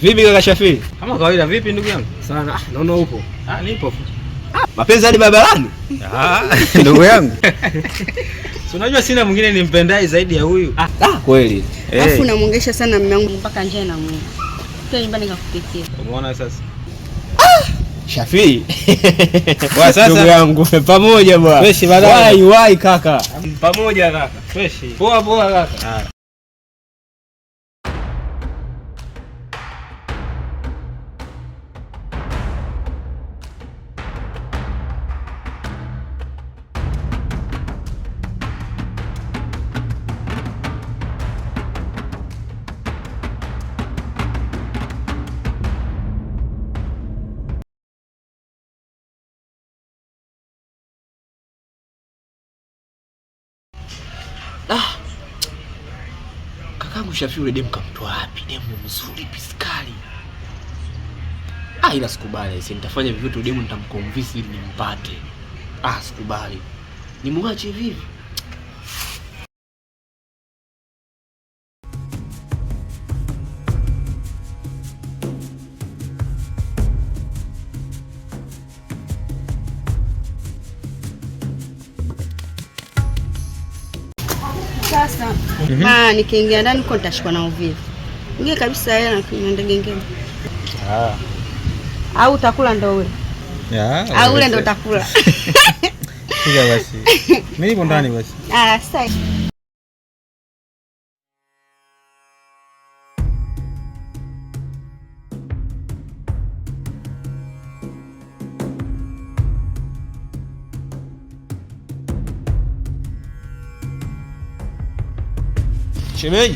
Vipi kaka Shafi? Kama kawaida. Vipi ndugu yangu? Sana. Naona upo. Ah, nipo. Ah, mapenzi hadi barabarani? Ah, ndugu yangu. Si unajua sina mwingine nimpendaye zaidi ya huyu. Ah, ah kweli. Hey. Eh. Afu unamwongesha sana mume wangu mpaka nje na mwili. Kwa nyumbani kakupikia. Umeona sasa? Ah, Shafii. Kwa sasa ndugu yangu pamoja bwana. Fresh baadaye. Wai wai kaka. Pamoja kaka. Fresh. Poa poa kaka. Ah. Shafi yule demu kamtoa wapi? Demu mzuri piskali. Ah, ila sikubali. Sasa nitafanya vivyo tu demu nitamconvince ili nimpate. Ah, sikubali. Nimwache vivi? na nikiingia ndani huko nitashikwa na uvivu. Ingie kabisa hela na ndege ngine. Ah. Au utakula ndo wewe. Yeah. Au ule ndo utakula. Sasa basi. Mimi nipo ndani basi. Ah, sasa. Siemyń!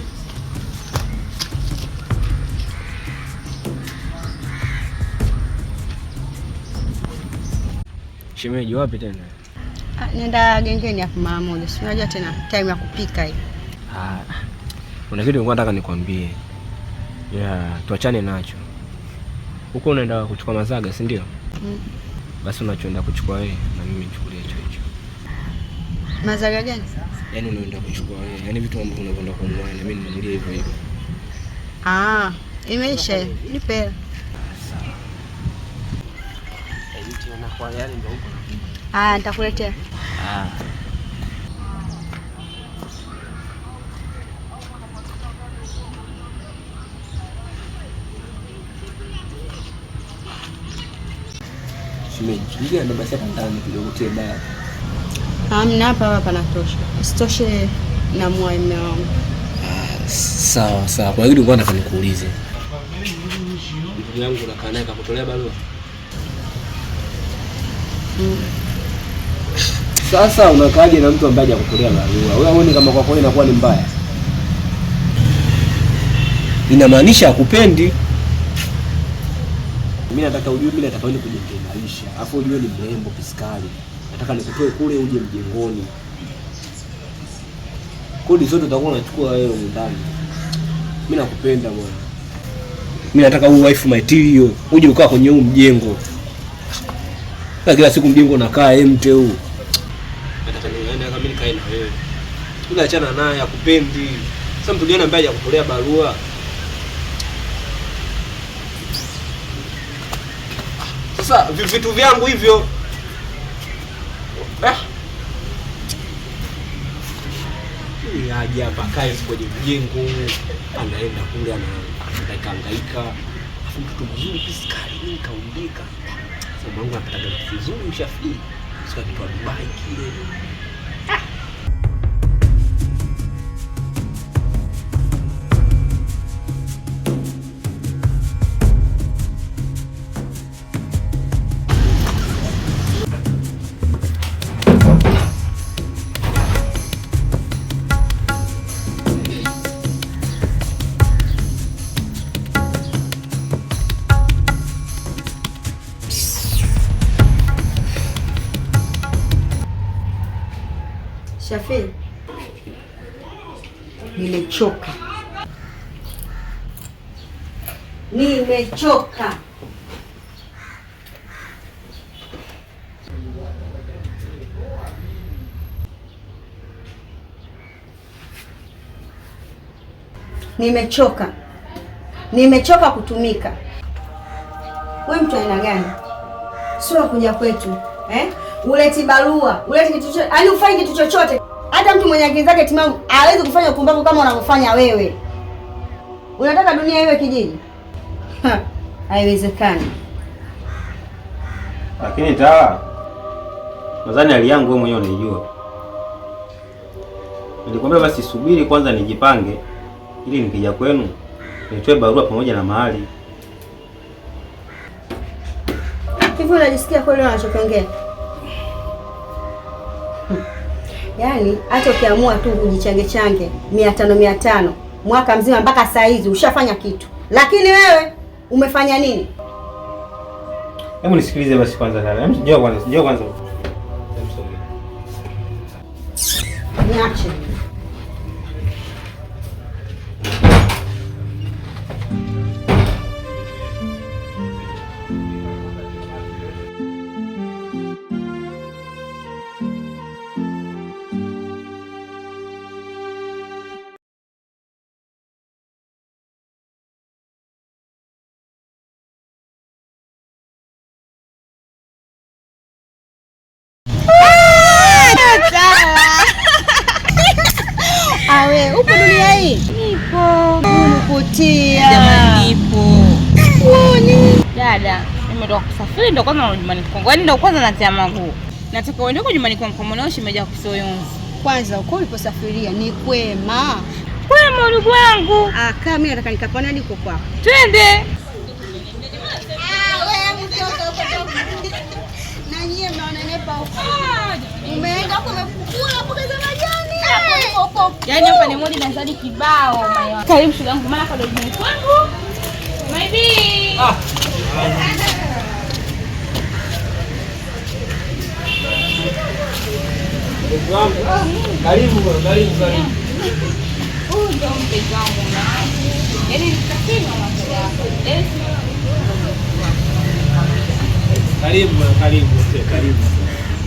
Shemeji, wapi tena? Ah, nenda gengeni hapo mara moja. Si unajua tena time ya kupika hii. Ah. Kuna kitu nilikuwa nataka nikwambie. Yeah, tuachane nacho. Huko unaenda kuchukua mazaga, si ndio? Mm. Basi unachoenda kuchukua wewe na mimi nichukulie tu mazaga gani? Yaani unaenda kuchukua wewe. Yaani vitu ambavyo unakwenda kununua na mimi nimeambia hivyo hivyo. Ah, imeisha. Nipe Ah, nitakuletea. Ah. Shimeji, ndio basi hapa ndani kidogo tena. Hamna, ah, hapa hapa panatosha. Sitoshe na mume wangu. sawa sawa. Kwa hiyo ndio nataka nikuulize. Ndugu yangu na naye kakutolea barua? Mm. Sasa unakaje na mtu ambaye hajakutolea barua? Wewe uone kama kwa kweli inakuwa ni mbaya? Inamaanisha akupendi. Mimi nataka ujue, mimi nataka wewe kujiendelea maisha. Afu ujue ni mrembo kiskali nataka nikutoe kule uje mjengoni. Kodi zote utakuwa unachukua wewe ndani. Mimi nakupenda bwana. Mimi nataka huu wife material uje ukaa kwenye huu mjengo. Na kila siku mjengo nakaa empty huu. Nataka niende kama mimi kae na wewe. Ila achana naye akupendi. Sasa mtu gani ambaye hakutolea barua? Sasa vitu vyangu hivyo aje hapa akae kwenye mjengo, anaenda kule anahangaika hangaika, afu mtoto mzuri piskari nini kaumbika. Sasa mwangu anapata vizuri, mshafii sio kitu Dubai kile Shafii, nimechoka, nimechoka. Nimechoka, nimechoka kutumika. Wewe mtu aina gani? Sio kuja kwetu eh? Uleti barua, uleti kitu chochote, yaani hali ufanye kitu chochote mwenye akili zake timamu hawezi kufanya upumbavu kama unavyofanya wewe. Unataka dunia iwe kijiji? Haiwezekani. Lakini Tala, nadhani hali yangu wewe mwenyewe unaijua. Nilikwambia basi subiri kwanza nijipange, ili nikija kwenu nitoe barua pamoja na mahali. Hivyo unajisikia kweli unachokiongea? Yaani hata ukiamua tu ujichange change mia tano mia tano mwaka mzima mpaka saa hizi ushafanya kitu, lakini wewe umefanya nini? Hebu nisikilize basi kwanza sana. Njoo kwanza, njoo kwanza. Niache. Mbona we upo dunia hii? Nipo. Unakutia. Jamani nipo. Uoni? Dada, nimetoka kusafiri ndo kwanza na nyumbani kwangu. Yaani ndo kwanza natia mangu. Nataka uende kwa nyumbani kwangu kwa mwanao shimeja kusoyonzi. Kwanza uko uliposafiria ni kwema. Kwema ndugu wangu. Ah, kama mimi nataka nikapana hadi huko kwako. Twende. Ah, wewe yaani mtoto Na nyie mnaonenepa huko. Ah, Umeenda kwa kumezama Yaani hapa ni kibao. Karibu yangu maana kwa dojini kwangu. Maybe. Ah. Karibu, karibu, karibu. ndio mpenzi wangu Yaani eh? Karibu, karibu, karibu.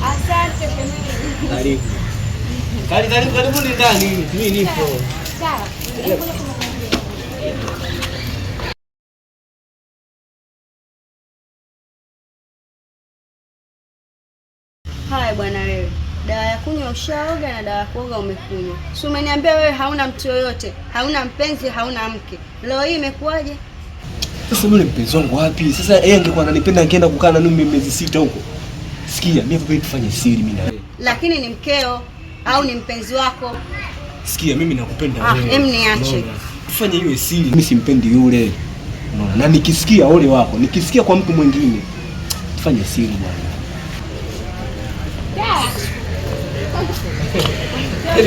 Asante Karibu. Karibu karibu karibu ni ndani. Mimi nipo. Sawa. Haya bwana, wewe dawa ya kunywa ushaoga na dawa ya kuoga umekunywa, si umeniambia wewe hauna mtu yoyote, hauna mpenzi, hauna mke. Leo hii imekuwaje? Sasa mimi mpenzi wangu wapi? Sasa yeye angekuwa ananipenda angeenda kukaa na mimi miezi sita huko. Sikia, mimi vipi tufanye siri mimi na wewe, lakini ni mkeo au ni mpenzi wako. Sikia, mimi nakupenda ah, wewe. Ah, emni niache. Tufanye hiyo siri. Mimi simpendi yule. Na nikisikia ole wako, nikisikia kwa mtu mwingine. Tufanye siri bwana. Yaani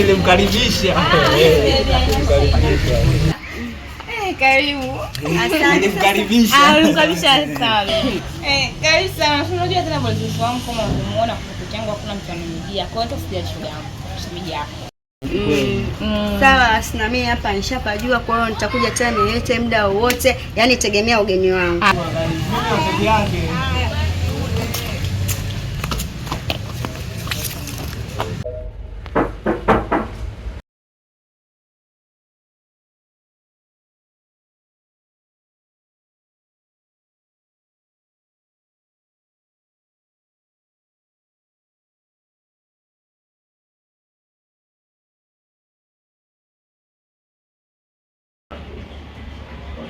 ah, yaani eh, Karibu. Yaani Asante. Nilimkaribisha. Ah, nilimkaribisha sana. Eh, karibu sana. Unajua tena bwana wangu kama unamuona kwa kitu changu hakuna mtu anamjia. Kwa hiyo hata sijashuhudia shemeji mm, yako. Mm. Sawa, sina mimi hapa nishapajua, kwa hiyo nitakuja tena nilete muda wowote, yani tegemea ugeni wangu.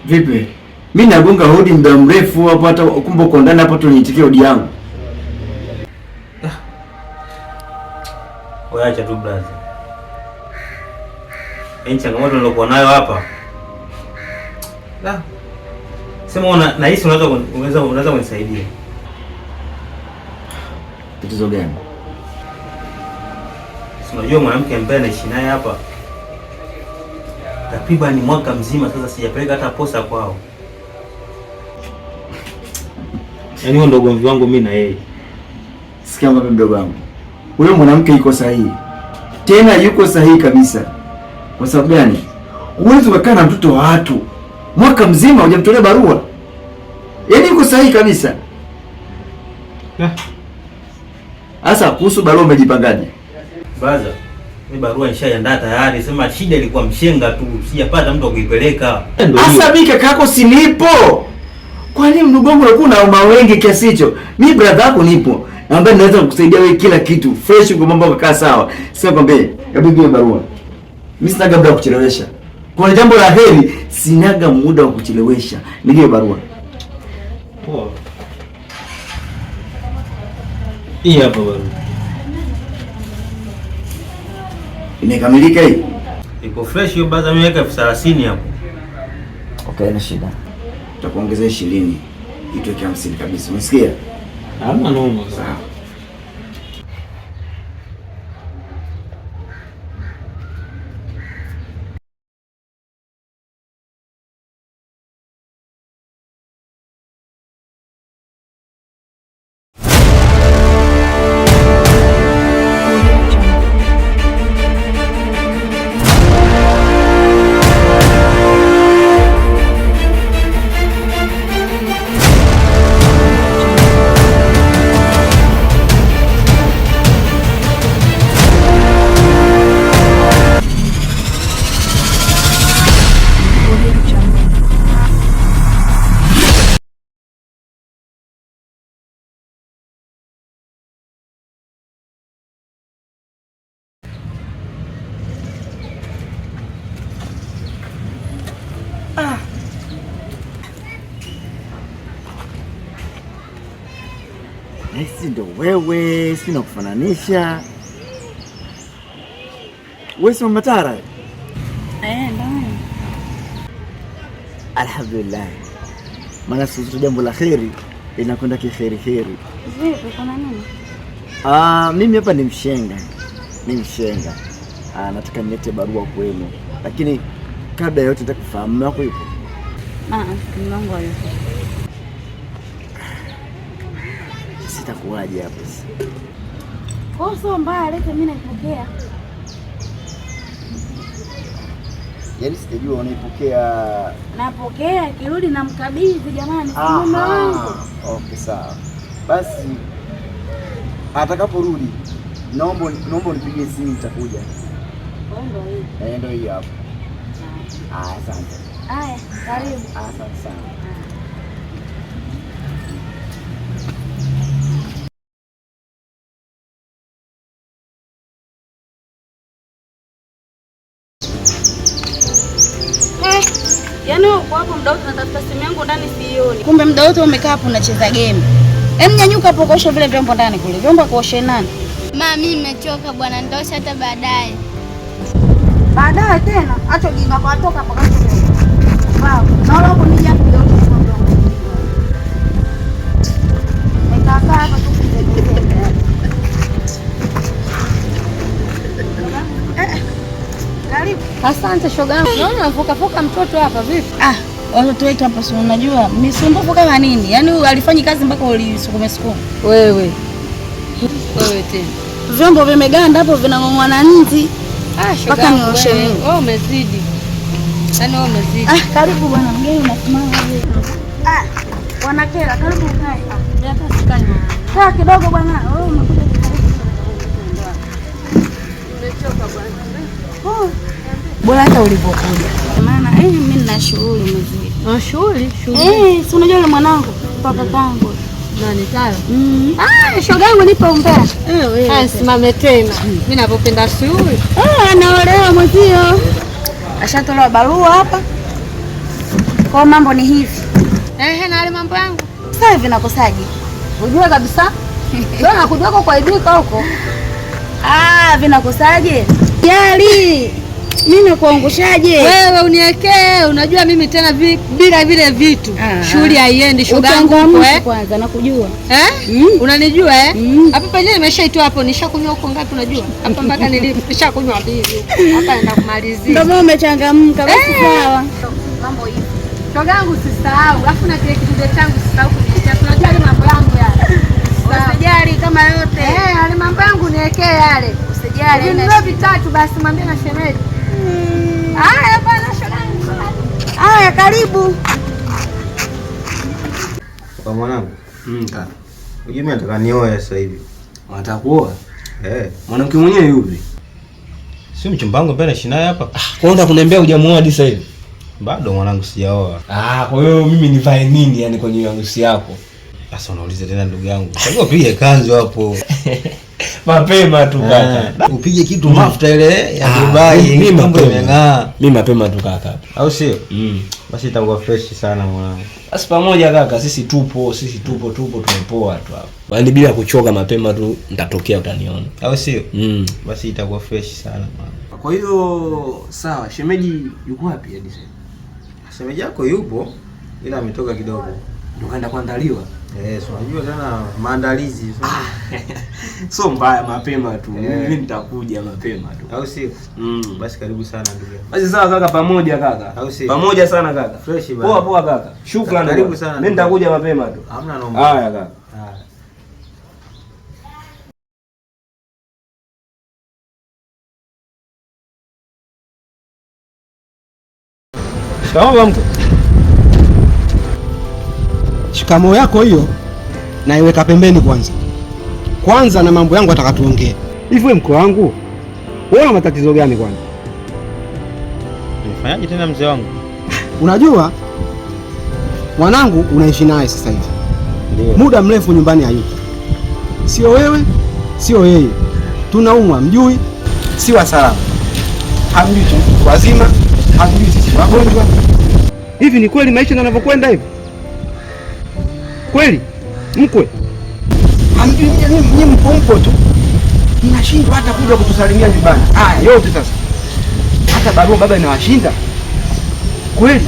Vipi? Mimi nagonga hodi muda mrefu hapo, hata kumbe uko ndani hapo, tunyitikia hodi yangu. Wewe acha tu brother. Hii yaani changamoto nilokuwa nayo hapa. Na. Sema una hisi unaweza unaweza unaweza kunisaidia. Tatizo gani? unajua mwanamke ambaye anaishi naye hapa takriban mwaka mzima sasa, sijapeleka hata posa kwao. Yaani huo ndo ugomvi wangu mimi na yeye. Sikia mama, mdogo wangu, huyo mwanamke yuko sahihi, tena yuko sahihi kabisa. Kwa sababu gani? Huwezi ukakaa na mtoto wa watu mwaka mzima hujamtolea barua, yaani yuko sahihi kabisa. Sasa eh. kuhusu barua umejipangaje? Baza ni barua nishaiandaa tayari, sema shida ilikuwa mshenga tu, sijapata mtu wa kuipeleka. Hasa mimi kaka yako si Kwa nini mdogo wangu unakuwa na uma wengi kiasi hicho? Mimi brother yako nipo. Naomba naweza kukusaidia wewe kila kitu. Fresh kwa mambo yako sawa. Sasa kwambie, hebu hiyo barua. Mimi sinaga gabla wa kuchelewesha. Kuna jambo la heri, sinaga muda wa kuchelewesha. Nige barua. Poa. Hii hapa barua. Imekamilika hii? Iko fresh hiyo brother, mimi weka elfu thelathini hapo. Okay, na shida. Tutakuongezea 20. Itweke 50 kabisa. Unasikia? Hamna noma. Sawa. wewe, sina kufananisha wewe, si matara eh? Ndio, alhamdulillah, maana siku jambo la kheri inakwenda kiheri heri. Vipi, kuna nini? Ah, mimi hapa ni mshenga, ni mshenga. Ah, nataka nilete barua kwenu, lakini kabla ya yote nataka kufahamu, yupo? Ah, mama wangu yupo. inakuwaje hapo? Kwa sio mbaya, lete mimi naipokea. Yaani sijajua unaipokea. Napokea, kirudi namkabidhi jamani, si mume wangu. Okay, sawa. Basi atakaporudi naomba naomba unipigie simu nitakuja. Ndio hii. Eh, ndio hii hapo. Ah, asante. Aya, karibu. Asante sana. muda wote natafuta simu yangu ndani sioni. Kumbe muda wote umekaa hapo unacheza game. Hem, yaani nyanyuka hapo kaosha vile vyombo ndani kule. Vyombo kaoshe nani? Mama, mimi nimechoka bwana, ndosha hata baadaye. Baadaye tena? Acha ujinga kwa toka hapo kaosha. Wow. Naona huko nija hapo ndio eh, Asante shoga naona Naona fuka mtoto hapa vipi? Ah watoto yaani wetu hapa, si unajua misumbufu kama nini? Yaani alifanyi kazi mpaka ulisukume sukume wewe wewe tena, vyombo vimeganda hapo vinang'ong'wa na nzi Ah, mpaka nioshe. Wewe umezidi, yaani wewe umezidi. Ah, karibu bwana mgeni, unasimama wewe. Ah, bwana Kela, karibu Ah, Hata sikani kaa kidogo bwana, wewe umekuja. kidogo. Umechoka bwana. Oh bora hata ulivyokuja. Maana eh, mimi nina shughuli mzee. Na shughuli? Shughuli. Eh, si unajua yule mwanangu paka kakangu. Nani tayari? Mm. Mm-hmm. Ah, shoga yangu nipo umbea. Eh, wewe. Ah, simame tena. Hmm. Mimi napopenda shughuli. Eh, anaolewa mwezio. Ashatolewa barua hapa. Kwa mambo ni hivi. Eh, na ile mambo yangu. Sasa hivi nakosaje? Unajua kabisa? Leo nakujua kwa kuaibika huko. Ah, vinakosaje? Jali mimi kuangushaje? wewe? Uniwekee, unajua mimi tena vi, bila vile vitu ah. shughuli haiendi. yangu eh. kwanza nakujua eh? mm. unanijua eh? mm. hapa penyewe nimeshaitoa hapo, nishakunywa huko ngapi? Unajua hapa mpaka nilishakunywa mbili hapa, naenda kumalizia. Ndio mimi umechangamka. Basi eh! sawa, mambo hivi yangu sisahau alafu na kile kidude changu sisahau kuniacha. tunajua ile mambo yangu yale, usijali kama yote eh, ale mambo yangu niwekee yale, usijali. Ni vitatu basi, mwambie na shemeji Haya bana, shoga. Haya, karibu kwa mwanangu. Mm, Unajua mimi nataka nioe sasa hivi. Unataka kuoa? Eh. Mwanamke mwenyewe yupi? Si mchumba wangu mbele shina hapa. Ah, kwa nini kuniambia hujamuoa hadi sasa hivi? Bado mwanangu sijaoa. Ah, kwa hiyo mimi nivae nini yani kwenye harusi yako? Sasa unauliza tena ndugu yangu. Chagua pige kanzu hapo. mapema tu kaka, eh, upige kitu mm. mafuta ile ya ah, Dubai. Mimi mapema mimi mapema tu kaka, au sio? Mm, basi itakuwa fresh sana mwanangu. Basi pamoja kaka, sisi tupo, sisi tupo, tupo tumepoa tu hapo, yaani bila kuchoka. Mapema tu nitatokea, utaniona, au sio? Mm, basi itakuwa fresh sana mwanangu. Kwa hiyo sawa, shemeji yuko wapi hadi sasa? Shemeji yako yupo, ila ametoka kidogo, ndio kaenda kuandaliwa Eh, so unajua tena maandalizi. Ah. So mbaya mapema tu. Mimi eh. nitakuja mapema tu. Au si? Mm. Basi karibu sana ndugu Basi sawa kaka, pamoja kaka. Au si? Pamoja sana kaka. Fresh bana. Poa poa kaka. Shukrani. Karibu sana. Mimi nitakuja mapema tu. Hamna naomba. Haya kaka. Haya. Shikamoo mko kamo yako hiyo naiweka pembeni kwanza kwanza, na mambo yangu atakatuongea. Hivi wewe mko wangu, wewe una matatizo gani kwani? Unafanyaje tena mzee wangu? Unajua mwanangu unaishi naye sasa hivi muda mrefu nyumbani hayupo, sio wewe sio yeye, tunaumwa mjui, si wa salama, hamjui wazima, hamjui sisi wagonjwa. Hivi ni kweli maisha yanavyokwenda hivi? kweli mkwe Ni nyinyi, mpo mpo tu, inashindwa hata kuja kutusalimia nyumbani. Haya yote sasa, hata barua baba inawashinda kweli,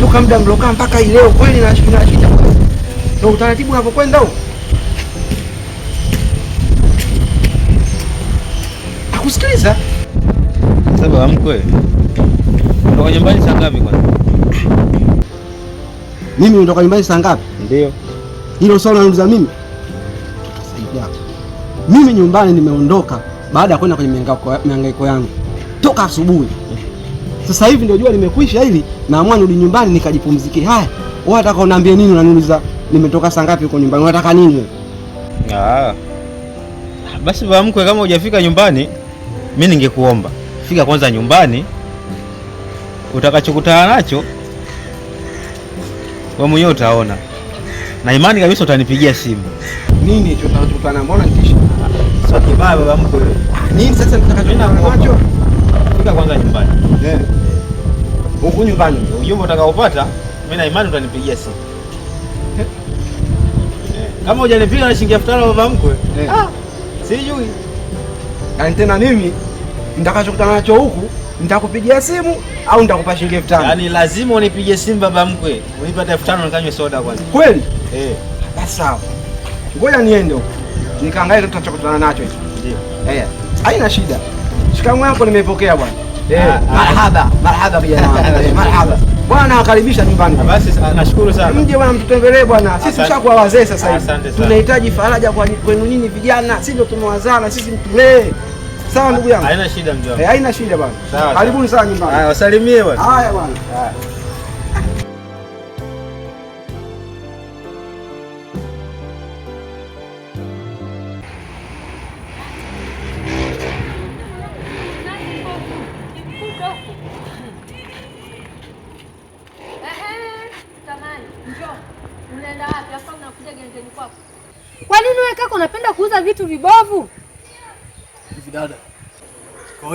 toka muda mlokaa mpaka ileo leo kweli inashinda. Ndo utaratibu unapokwenda huo. Akusikiliza sasa mkwe, ndoka nyumbani saa ngapi? Kwanza mimi ndoka nyumbani saa ngapi? Ndio hilo swali nauliza mimi, tutasaidia. Mimi nyumbani nimeondoka baada ya kwenda kwenye mihangaiko yangu toka asubuhi. Sasa hivi ndio jua limekwisha, ili naamua nirudi nyumbani nikajipumzike. Haya, wewe unataka uniambie nini? Unaniuliza nimetoka saa ngapi huko nyumbani? Unataka nini wewe? Ah, basi baba mkwe, kama hujafika nyumbani, mi ningekuomba fika kwanza nyumbani, utakachokutana nacho wewe mwenyewe utaona na imani kabisa utanipigia simu. Nini tutakutana, mbona nikisha? Sio kibaya baba mkwe. Ah, nini sasa mtakachoenda kwacho? Fika kwanza nyumbani. Eh. Huko nyumbani ujumbe utakaopata mimi na imani utanipigia simu. Eh. Kama hujanipiga na shilingi elfu tano baba mkwe. Eh. Ah. Sijui. Na yaani tena mimi nitakachokutana nacho huku nitakupigia simu au nitakupa shilingi elfu tano. Yaani lazima unipige simu baba mkwe, unipe elfu tano nikanywe soda kwanza. Kweli? Eh. Basi ah, sawa, ngoja niende huko nikaangalia kitu tunachokutana nacho hicho. Ndio. Eh, haina shida. Shikamoo yako nimeipokea bwana. Eh, eh ah. marhaba marhaba kijana, eh, marhaba bwana, akaribisha nyumbani. Ah, basi nashukuru sana, mje bwana, mtutembelee bwana. Sisi tushakuwa wazee sasa hivi, tunahitaji faraja kwenu nyinyi vijana, sisi ndio tumewazaa na sisi mtulee Sawa ndugu yangu. Haina shida mjomba. Eh, haina shida bwana. Karibuni sana nyumbani. Haya, wasalimie bwana. Haya bwana. Haya.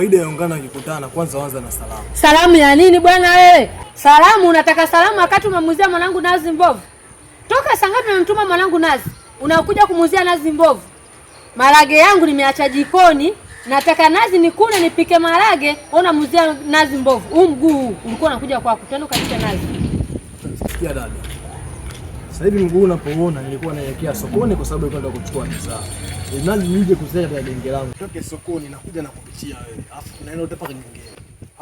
kawaida ya ungano akikutana, kwanza wanza na salamu. Salamu ya nini bwana wewe? Salamu unataka salamu wakati umemuzia mwanangu nazi mbovu? Toka sangapi ngapi unamtuma mwanangu nazi, unakuja kumuzia nazi mbovu? Marage yangu nimeacha jikoni, nataka nazi nikune nipike marage, unamuuzia nazi mbovu. Huu mguu ulikuwa unakuja kwa kutano katika nazi. Sikia dada, sasa hivi mguu unapoona nilikuwa naelekea sokoni kwa sababu nilikuwa nataka kuchukua bidhaa Eh, nani nije kusanya kwa genge langu. Toke sokoni nakuja na kupitia wewe. Alafu tunaenda wote genge.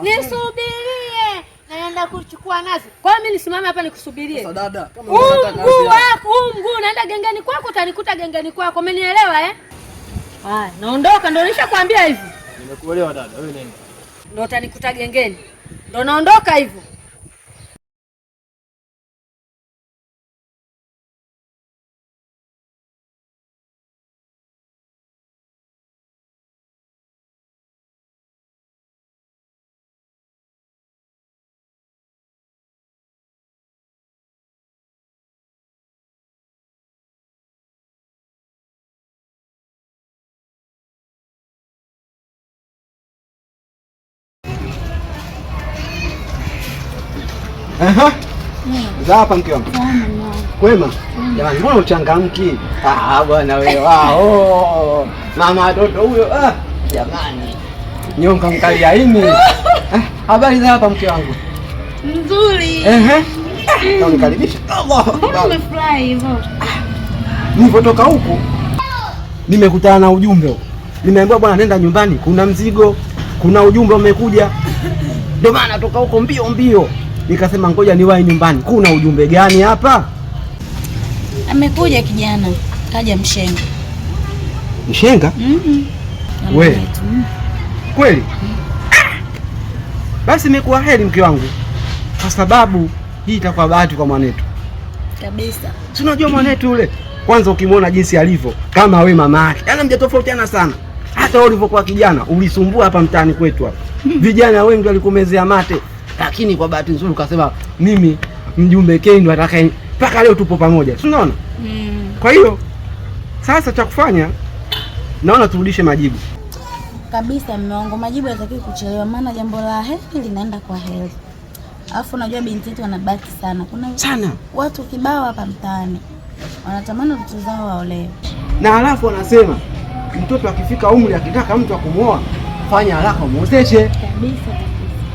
Nisubirie. Naenda kuchukua nazi. Kwa hiyo mimi nisimame hapa nikusubirie. Sasa dada, kama unataka nazi. Mguu wako, huu naenda gengeni kwako utanikuta gengeni kwako. Umenielewa eh? Haya, naondoka ndio nishakwambia hivyo. Nimekuelewa dada, wewe nenda. Ndio utanikuta gengeni. Ndio naondoka hivyo. Za hapa mke wangu. Kwema. Jamani mbona uchangamki? Ah, bwana wewe wao. Ah, oh. Mama watoto huyo ah, jamani. Nyonga mkali ini. Eh, habari za hapa mke wangu? Nzuri. Ehe. Mm. Nilipotoka huku nimekutana na ujumbe huko. Nimeambiwa bwana, nenda nyumbani, kuna mzigo, kuna ujumbe umekuja. Ndio maana toka huko mbio mbio nikasema ngoja niwahi nyumbani, kuna ujumbe gani hapa? Amekuja kijana kaja mshenga. Mshenga? mm -mm. kweli? mm. Basi imekuwa heri mke wangu, kwa sababu hii itakuwa bahati kwa mwanetu kabisa. Si unajua mwanetu yule kwanza, ukimwona jinsi alivyo kama we mama yake, yaani mjatofautiana sana. Hata ulivyokuwa kijana ulisumbua hapa mtaani kwetu hapa, hmm. vijana wengi walikumezea mate lakini kwa bahati nzuri ukasema mimi mjumbe kei ndo atakaye mpaka leo tupo pamoja, si unaona? Mm. Kwa hiyo sasa cha kufanya naona turudishe majibu kabisa. Mume wangu, majibu yatakiwa kuchelewa, maana jambo la heri linaenda kwa heri. Alafu unajua binti yetu wanabaki sana, kuna sana watu kibao hapa mtaani wanatamani vitu zao waolewe, na alafu wanasema mtoto akifika umri akitaka mtu akumwoa fanya haraka umwozeshe kabisa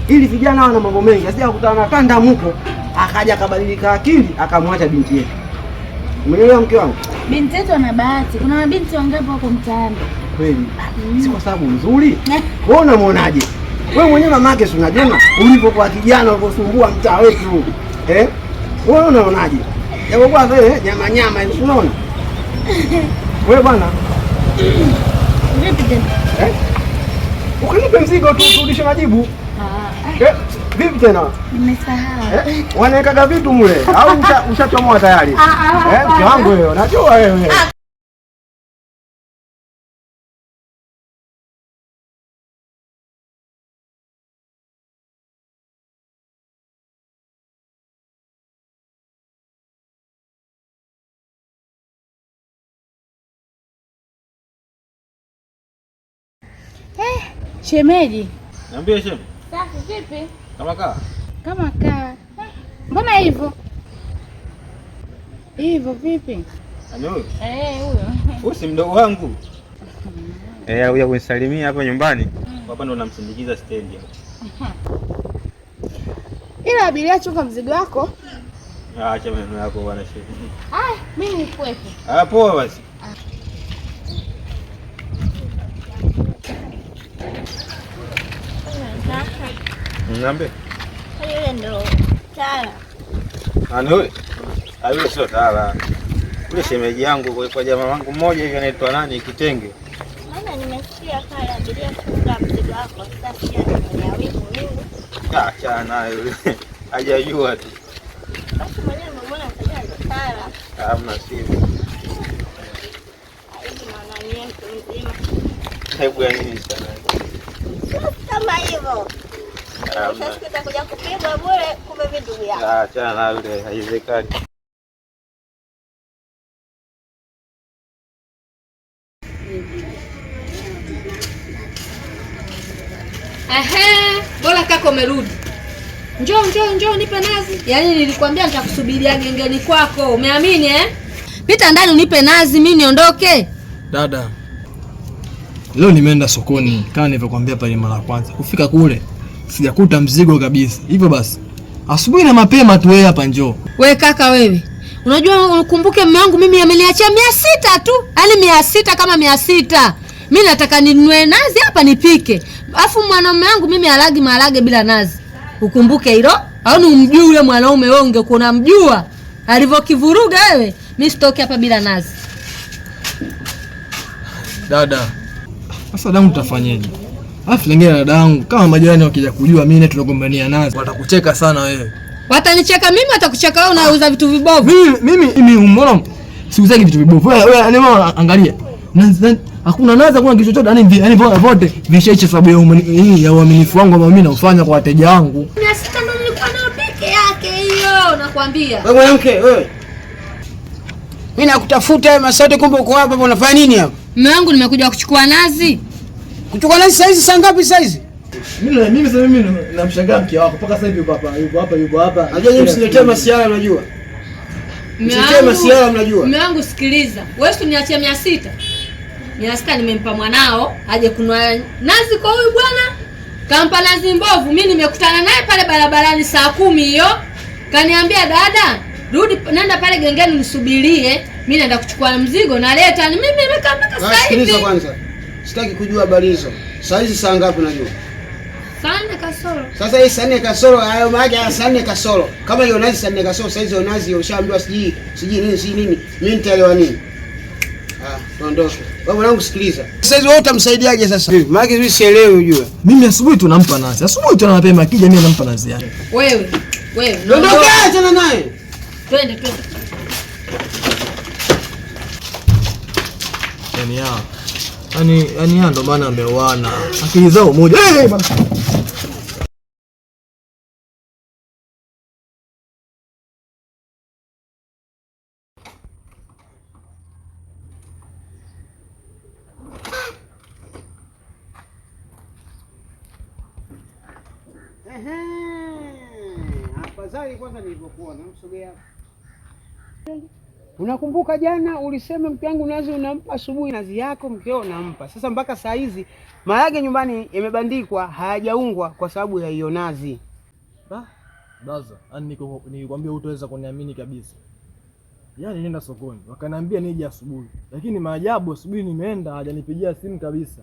ili vijana wana mambo mengi, asije akutana na kanda mko akaja akabadilika akili akamwacha binti yetu. Umeelewa mke wangu? Binti yetu ana bahati, kuna mabinti wangapo huko mtaani kweli? Si kwa sababu nzuri. Eh. Wewe unamwonaje? Wewe mwenyewe yake, si unajiona ulipokuwa kijana uliposumbua mtaa wetu eh? Wewe unaonaje? Japokuwa wewe eh, nyama nyama, unaona wewe bwana vipi tena eh? Ukinipe mzigo tu urudishe majibu. Eh, vipi tena? Nimesahau. Eh, Wanaekaga vitu mule au ushachomoa tayari? Ah, ah, ah, eh, mke wangu wewe, najua wewe. Eh. Shemeji. Niambie shemeji yako vipi? Kama kaa kama kaa. Mbona hivyo hivyo vipi? Eh, Huyu si mdogo wangu eh, hapa nyumbani hapa, ndo namsindikiza stendi ila abiria, chuka mzigo wako. Acha maneno yako bwana shehe. Ah, mimi ni kwepo. Ah, poa basi. Ah. Niambie. Yule ndo Tala. Nani yule? Ah, sio Tala. Yule shemeji yangu kwa jamaa wangu mmoja hivi anaitwa nani Kitenge. Maana nimesikia pale abiria kufunga mzigo wako sasa pia ni ya wiki mimi. yule. Hajajua tu. Basi mwenyewe mbona anasema ndo Tala? Hamna simu. Hivi naona ni mtu mzima. Hebu ya nini sana? Kama hivyo. Achana na yule, haiwezekani. Ehe, bora kaka umerudi. Njoo, njoo, njoo nipe nazi. Yaani nilikwambia nitakusubiria gengeni kwako, umeamini eh? Pita ndani unipe nazi mimi niondoke. Dada, leo nimeenda sokoni kama nilivyokuambia pale mara ya kwanza. Kufika kule sijakuta mzigo kabisa. Hivyo basi asubuhi na mapema tu wewe hapa njoo. Wewe kaka wewe, unajua ukumbuke, mume wangu mimi ameniachia mia sita tu, yaani mia sita kama mia sita mi nataka ninunue nazi hapa nipike, alafu mwanaume wangu mimi alagi malage bila nazi. Ukumbuke hilo au umjui yule mwanaume wewe, ungekuwa unamjua alivyokivuruga wewe. Mi sitoki hapa bila nazi. Dada, sasa damu, tutafanyeje? Afu lingine dada yangu, kama majirani wakija kujua mimi tunagombania nazi watakucheka sana wewe. Watanicheka mimi, watakucheka wewe, unauza vitu vibovu. Mimi mimi mimi umeona siuzagi vitu vibovu. Wewe wewe ni mama angalia. Hakuna nazi, hakuna kitu chochote, yani yani vote vishaiche sababu ya hii ya uaminifu wangu ambao mimi naufanya kwa wateja wangu. Mimi sita ndo nilikuwa nayo peke yake hiyo, nakwambia. Wewe mwanamke wewe. Mimi nakutafuta masote, kumbe uko hapa unafanya nini hapa? Mume wangu nimekuja kuchukua nazi kuchukua nasi saizi saa ngapi saizi? Mimi mimi sasa mimi namshangaa mke wako mpaka sasa hivi yuko hapa, yuko hapa, yuko hapa. Unajua nyinyi msiniletee masiara mnajua. Msiletee masiara mnajua. Mume wangu sikiliza. Wewe niachie 600. Niasika nimempa mwanao aje kunwa nazi kwa huyu bwana. Kampa nazi mbovu. Mimi nimekutana naye pale barabarani saa kumi hiyo. Kaniambia dada, rudi nenda pale gengeni nisubirie. Mimi naenda kuchukua mzigo naleta. Mimi nimekaa mpaka sasa hivi. Sikiliza kwanza sitaki kujua habari hizo. Saa hizi saa ngapi unajua? Saa kasoro. Sasa hii saa nne kasoro hayo maji ya saa nne kasoro. Kama hiyo nazi saa nne kasoro saa hizi nazi ushaambiwa sijui sijui nini sijui nini. Mimi nitaelewa nini? Ah, tuondoke. Wewe mwanangu sikiliza. Sasa hizi wewe utamsaidiaje sasa? Maana hizi sielewi unajua. Mimi asubuhi tu nampa nazi. Asubuhi tu tunampa akija mimi nampa nazi yake. Wewe. Wewe. Ondoka tena naye. Twende twende. Yaani Yani, yani ndo maana amewana akili zao moja. Hey, afadhali kwanza nilivyokuona msogea Unakumbuka jana ulisema mke wangu nazi unampa asubuhi, nazi yako mkeo unampa. Sasa mpaka saa hizi maharage nyumbani yamebandikwa, hayajaungwa kwa sababu ya hiyo nazi. Baza, yani nikwambia utaweza kuniamini kabisa. Yaani nenda sokoni, wakaniambia nije asubuhi. Lakini maajabu asubuhi nimeenda hajanipigia simu kabisa.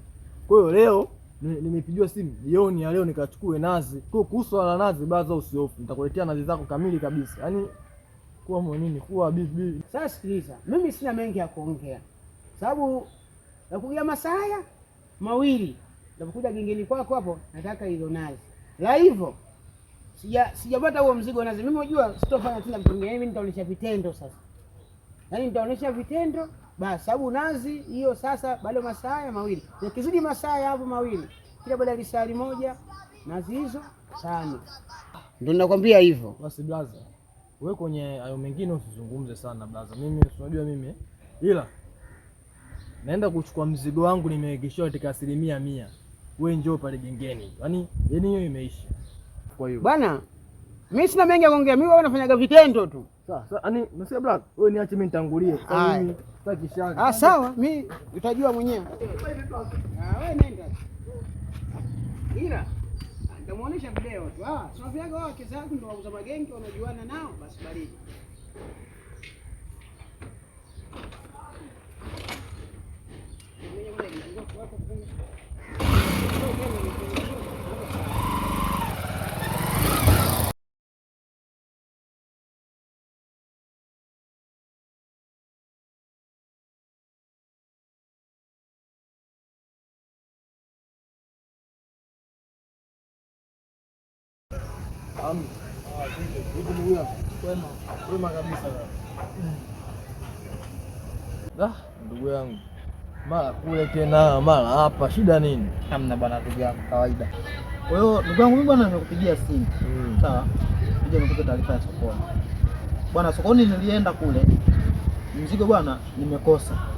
Kwa hiyo leo nimepigiwa simu jioni ya leo nikachukue nazi. Kwa kuhusu wala nazi, Baza, usihofu, nitakuletea nazi zako kamili kabisa. Yaani kuwa mwanini, kuwa bibi. Sasa sikiliza, mimi sina mengi ya kuongea, sababu nakuja masaa haya mawili napokuja gengeni kwako hapo, nataka ilo nazi, la hivyo sija sijapata huo mzigo nazi. Mimi unajua sitofanya tena vitu mimi nitaonesha vitendo sasa, yaani nitaonesha vitendo basi, sababu nazi hiyo sasa bado masaa haya mawili, nikizidi masaa haya hapo mawili, kila baada ya lisali moja nazi hizo tano, ndio ninakwambia hivyo. Basi blaza we kwenye hayo mengine usizungumze sana blaza. Mimi unajua mimi ila naenda kuchukua mzigo wangu nimewegeshiwa katika asilimia mia. We njoo pale gengeni, yaani yani hiyo imeisha. Kwa hiyo bwana, mi sina mengi ya kuongea, mi nafanyaga vitendo tu. Sasa yani nasikia blaza, wewe niache mimi nitangulie. mimi ah, sawa, mi utajua mwenyewe. nenda ah, Namuonesha video tu. Ah, sio vile wake zangu ndio wauza magengi wanajuana nao basi baridi. Mwenye mwenye ndio kwa Ah, mm. ah, ndugu yangu mara kule tena mara hapa, shida nini? Hamna bwana, ndugu yangu, kawaida. Kwa hiyo ndugu yangu mimi bwana, nimekupigia simu mm. sawa, kuja nikupe taarifa ya sokoni bwana. Sokoni nilienda kule mzigo bwana, nimekosa